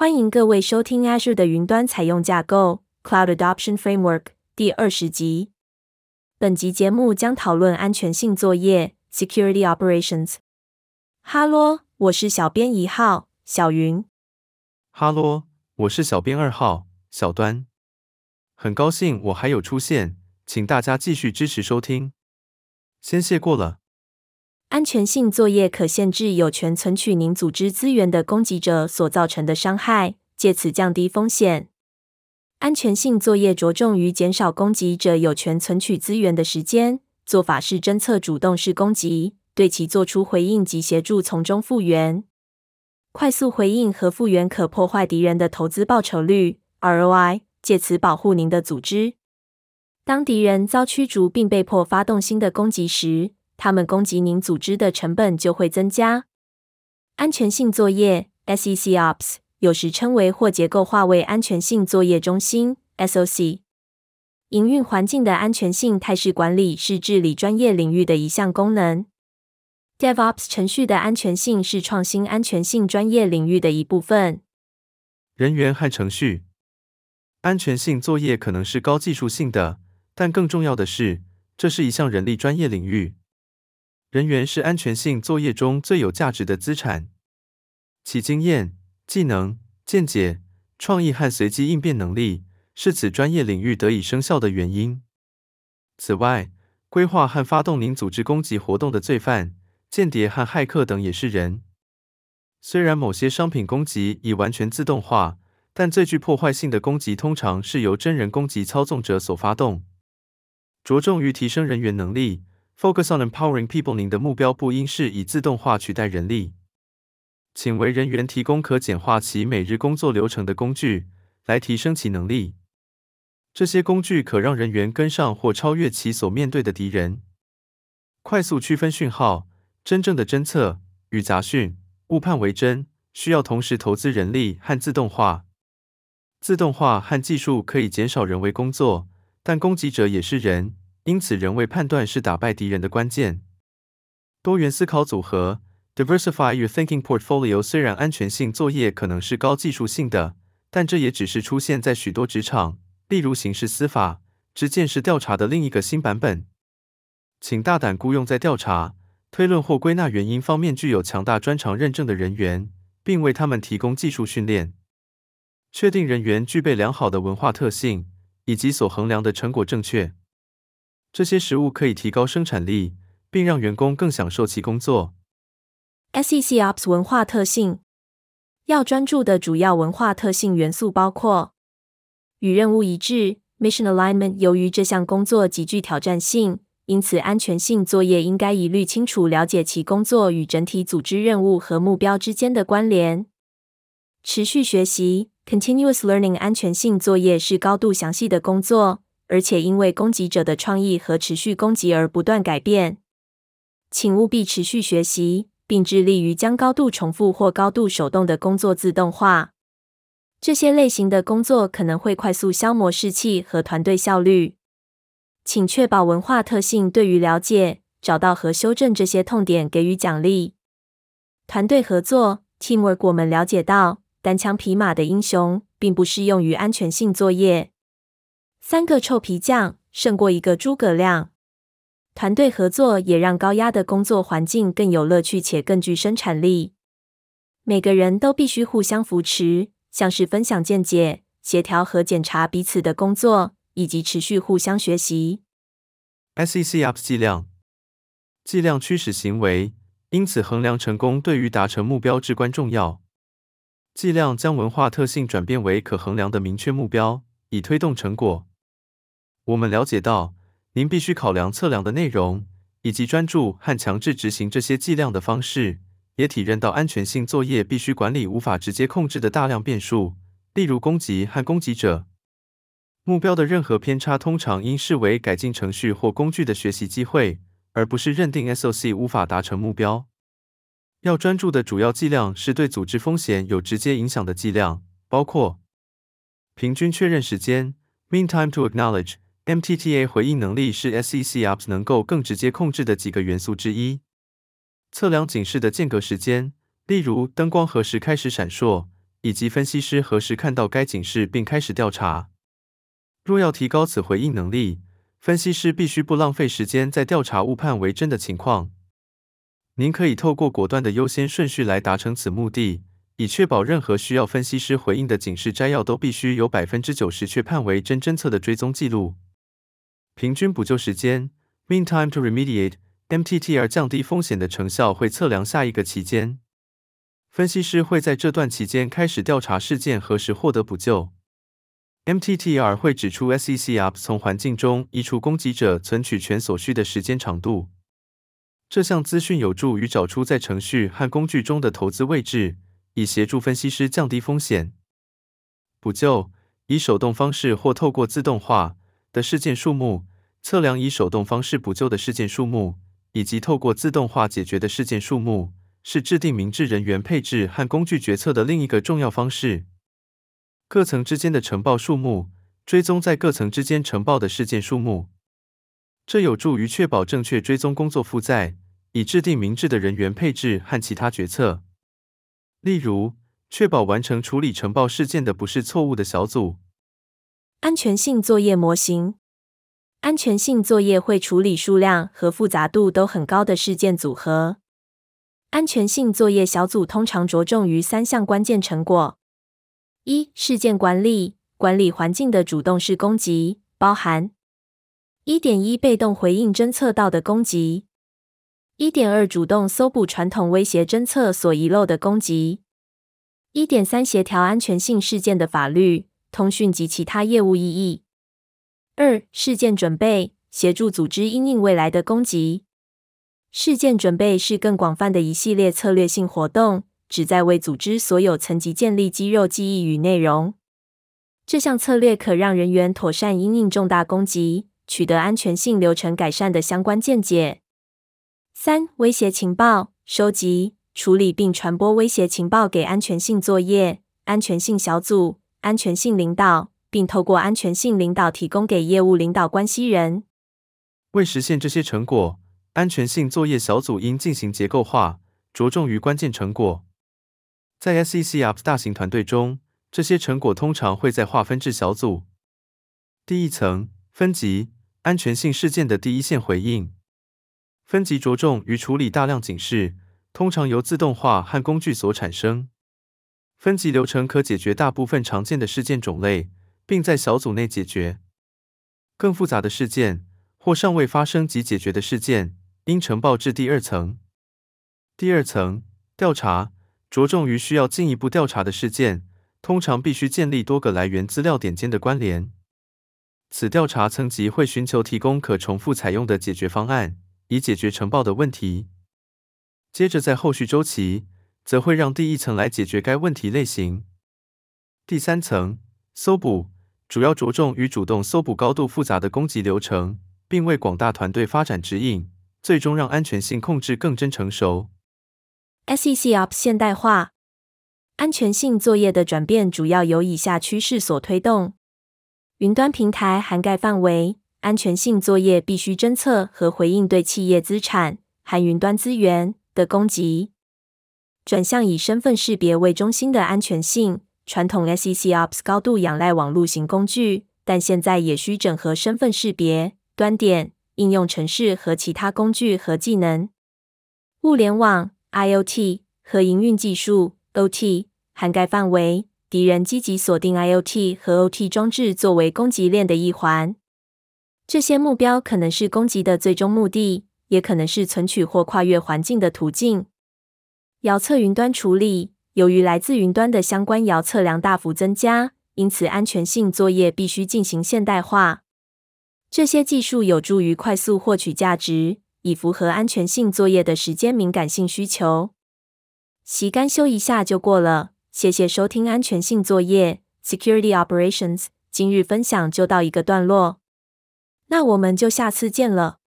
歡迎各位收聽 Azure 的雲端採用架構 Cloud Adoption Framework 第二十集。本集節目將討論安全性作業 Security Operations。哈嘍，我是小編一號小雲。哈嘍，我是小編二號小端。很高興我還有出現，請大家繼續支持收聽，先謝過了。安全性作業可限制有權存取您組織資源的攻擊者所造成的傷害，借此降低風險。安全性作業着重於減少攻擊者有權存取資源的時間，做法是偵測主動式攻擊，對其做出回應及協助從中復原。快速回應和復原可破壞敵人的投資報酬率 （ROI），借此保護您的組織。當敵人遭驅逐並被迫發動新的攻擊時，他們攻擊您組織的成本就會增加。安全性作業 （SEC Ops） 有時稱為或結構化為安全性作業中心 （SOC）。營運環境的安全性態勢管理是治理專業領域的一項功能。DevOps 程序的安全性是創新安全性專業領域的一部分。人員和程序安全性作業可能是高技術性的，但更重要的是，這是一項人力專業領域。人員是安全性作業中最有價值的資產，其經驗、技能、見解、創意和隨機應變能力是此專業領域得以生效的原因。此外，規劃和發動您組織攻擊活動的罪犯、間諜和駭客等也是人。雖然某些商品攻擊已完全自動化，但最具破壞性的攻擊通常是由真人攻擊操縱者所發動，着重於提升人員能力。Focus on empowering people，您的目標不應是以自動化取代人力，請為人員提供可簡化其每日工作流程的工具，來提升其能力。這些工具可讓人員跟上或超越其所面對的敵人，快速區分訊號、真正的偵測與雜訊、誤判為真，需要同時投資人力和自動化。自動化和技術可以減少人為工作，但攻擊者也是人。因此，人為判斷是打敗敵人的關鍵。多元思考組合 d i v e r s i f y your Thinking Portfolio） 雖然安全性作業可能是高技術性的，但這也只是出現在許多職場，例如刑事司法、之見是調查的另一個新版本。請大膽雇用在調查、推論或歸納原因方面具有強大專長認證的人員，並為他們提供技術訓練，確定人員具備良好的文化特性，以及所衡量的成果正確。這些食物可以提高生產力，並讓員工更享受其工作。SecOps 文化特性要專注的主要文化特性元素包括與任務一致 （Mission Alignment）。由於這項工作極具挑戰性，因此安全性作業應該一律清楚了解其工作與整體組織任務和目標之間的關聯。持續學習 （Continuous Learning） 安全性作業是高度詳細的工作。而且，因為攻擊者的創意和持續攻擊而不斷改變，請務必持續學習，並致力於將高度重複或高度手動的工作自動化。這些類型的工作可能會快速消磨士氣和團隊效率。請確保文化特性對於了解、找到和修正這些痛點給予獎勵。團隊合作 （teamwork），我們了解到，單槍匹馬的英雄並不適用於安全性作業。三個臭皮匠勝過一個諸葛亮。團隊合作也讓高壓的工作環境更有樂趣且更具生產力。每個人都必須互相扶持，像是分享見解、協調和檢查彼此的工作，以及持續互相學習。SecOps 計量，計量驅使行為，因此衡量成功對於達成目標至關重要。計量將文化特性轉變為可衡量的明確目標，以推動成果。我們了解到，您必須考量測量的內容，以及專注和強制執行這些計量的方式，也體認到安全性作業必須管理無法直接控制的大量變數，例如攻擊和攻擊者目標的任何偏差，通常應視為改進程序或工具的學習機會，而不是認定 SOC 無法達成目標。要專注的主要計量是對組織風險有直接影響的計量，包括平均確認時間 （Mean Time to Acknowledge）。MTTA 回應能力是 SecOps 能夠更直接控制的幾個元素之一。測量警示的間隔時間，例如燈光何時開始閃爍，以及分析師何時看到該警示並開始調查。若要提高此回應能力，分析師必須不浪費時間在調查誤判為真的情況。您可以透過果斷的優先順序來達成此目的，以確保任何需要分析師回應的警示摘要都必須有百分之九十確判為真偵測的追蹤記錄。平均補救時間 （Mean Time to Remediate，MTTR） 降低風險的成效會測量下一個期間。分析師會在這段期間開始調查事件何時獲得補救。MTTR 會指出 SecOps 從環境中移除攻擊者存取權所需的時間長度。這項資訊有助於找出在程序和工具中的投資位置，以協助分析師降低風險。補救以手動方式或透過自動化的事件數目。測量以手動方式補救的事件數目，以及透過自動化解決的事件數目，是制定明智人員配置和工具決策的另一個重要方式。各層之間的呈報數目，追蹤在各層之間呈報的事件數目，這有助於確保正確追蹤工作負載，以制定明智的人員配置和其他決策。例如，確保完成處理呈報事件的不是錯誤的小組。安全性作業模型。安全性作業會處理數量和複雜度都很高的事件組合。安全性作業小組通常着重於三項關鍵成果：一、事件管理，管理環境的主動式攻擊，包含一點一被動回應偵測到的攻擊；一點二主動搜捕傳統威脅偵測所遺漏的攻擊；一點三協調安全性事件的法律、通訊及其他業務意義。二、事件準備，協助組織因應未來的攻擊。事件準備是更廣泛的一系列策略性活動，旨在為組織所有層級建立肌肉記憶與內容。這項策略可讓人員妥善因應重大攻擊，取得安全性流程改善的相關見解。三、威脅情報，收集、處理並傳播威脅情報給安全性作業、安全性小組、安全性領導。並透過安全性領導提供給業務領導關係人。為實現這些成果，安全性作業小組應進行結構化，着重於關鍵成果。在 SecOps 大型團隊中，這些成果通常會在劃分至小組。第一層，分級，安全性事件的第一線回應。分級，着重於處理大量警示，通常由自動化和工具所產生。分級流程可解決大部分常見的事件種類。並在小組內解決更複雜的事件，或尚未發生及解決的事件，應呈報至第二層。第二層調查，着重於需要進一步調查的事件，通常必須建立多個來源資料點間的關聯。此調查層級會尋求提供可重複採用的解決方案，以解決呈報的問題。接着在後續週期，則會讓第一層來解決該問題類型。第三層搜捕。主要着重於主動搜捕高度複雜的攻擊流程，並為廣大團隊發展指引，最終讓安全性控制更臻成熟。SEC Ops 現代化安全性作業的轉變，主要由以下趨勢所推動：雲端平台涵蓋範圍，安全性作業必須偵測和回應對企業資產（含雲端資源）的攻擊，轉向以身份識別為中心的安全性。傳統 SecOps 高度仰賴網絡型工具，但現在也需整合身份識別、端點、應用程式和其他工具和技能。物聯網 （IoT） 和營運技術 （OT） 涵蓋範圍，敵人積極鎖定 IoT 和 OT 裝置作為攻擊鏈的一環。這些目標可能是攻擊的最終目的，也可能是存取或跨越環境的途徑。遙測雲端處理。由於來自雲端的相關遙測量大幅增加，因此安全性作業必須進行現代化。這些技術有助於快速獲取價值，以符合安全性作業的時間敏感性需求。習幹修一下就過了，謝謝收聽安全性作業 （Security Operations）。今日分享就到一個段落，那我們就下次見了。